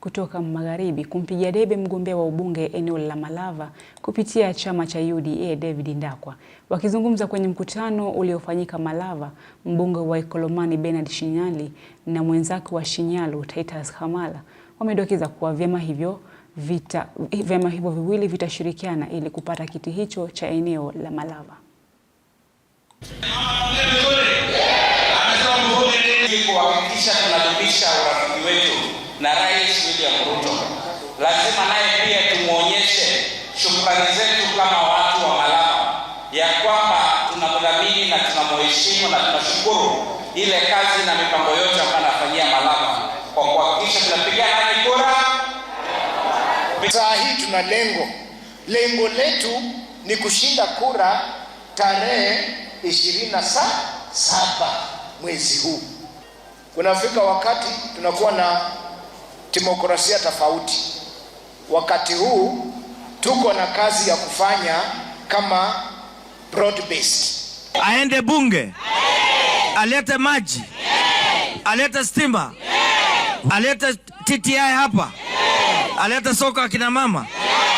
kutoka magharibi kumpigia debe mgombea wa ubunge eneo la Malava kupitia chama cha UDA David Ndakwa. Wakizungumza kwenye mkutano uliofanyika Malava, mbunge wa Ikolomani Bernard Shinyali na mwenzake wa Shinyalu Titus Khamala wamedokeza kuwa vyama hivyo vita vyama hivyo viwili vitashirikiana ili kupata kiti hicho cha eneo la Malava. Kuhakikisha tunadumisha urafiki wetu na Rais William Ruto, lazima naye pia tumwonyeshe shukrani zetu kama watu wa Malaba ya kwamba tunamdhamini na tunamheshimu na tunashukuru ile kazi na mipango yote ambayo anafanyia Malaba kwa kuhakikisha tunapiga nani kura. Saa hii tuna lengo, lengo letu ni kushinda kura tarehe saba mwezi huu. Kunafika wakati tunakuwa na demokrasia tofauti. Wakati huu tuko na kazi ya kufanya kama broad based. Aende bunge, alete maji, alete stima, alete TTI hapa, alete soko akina mama.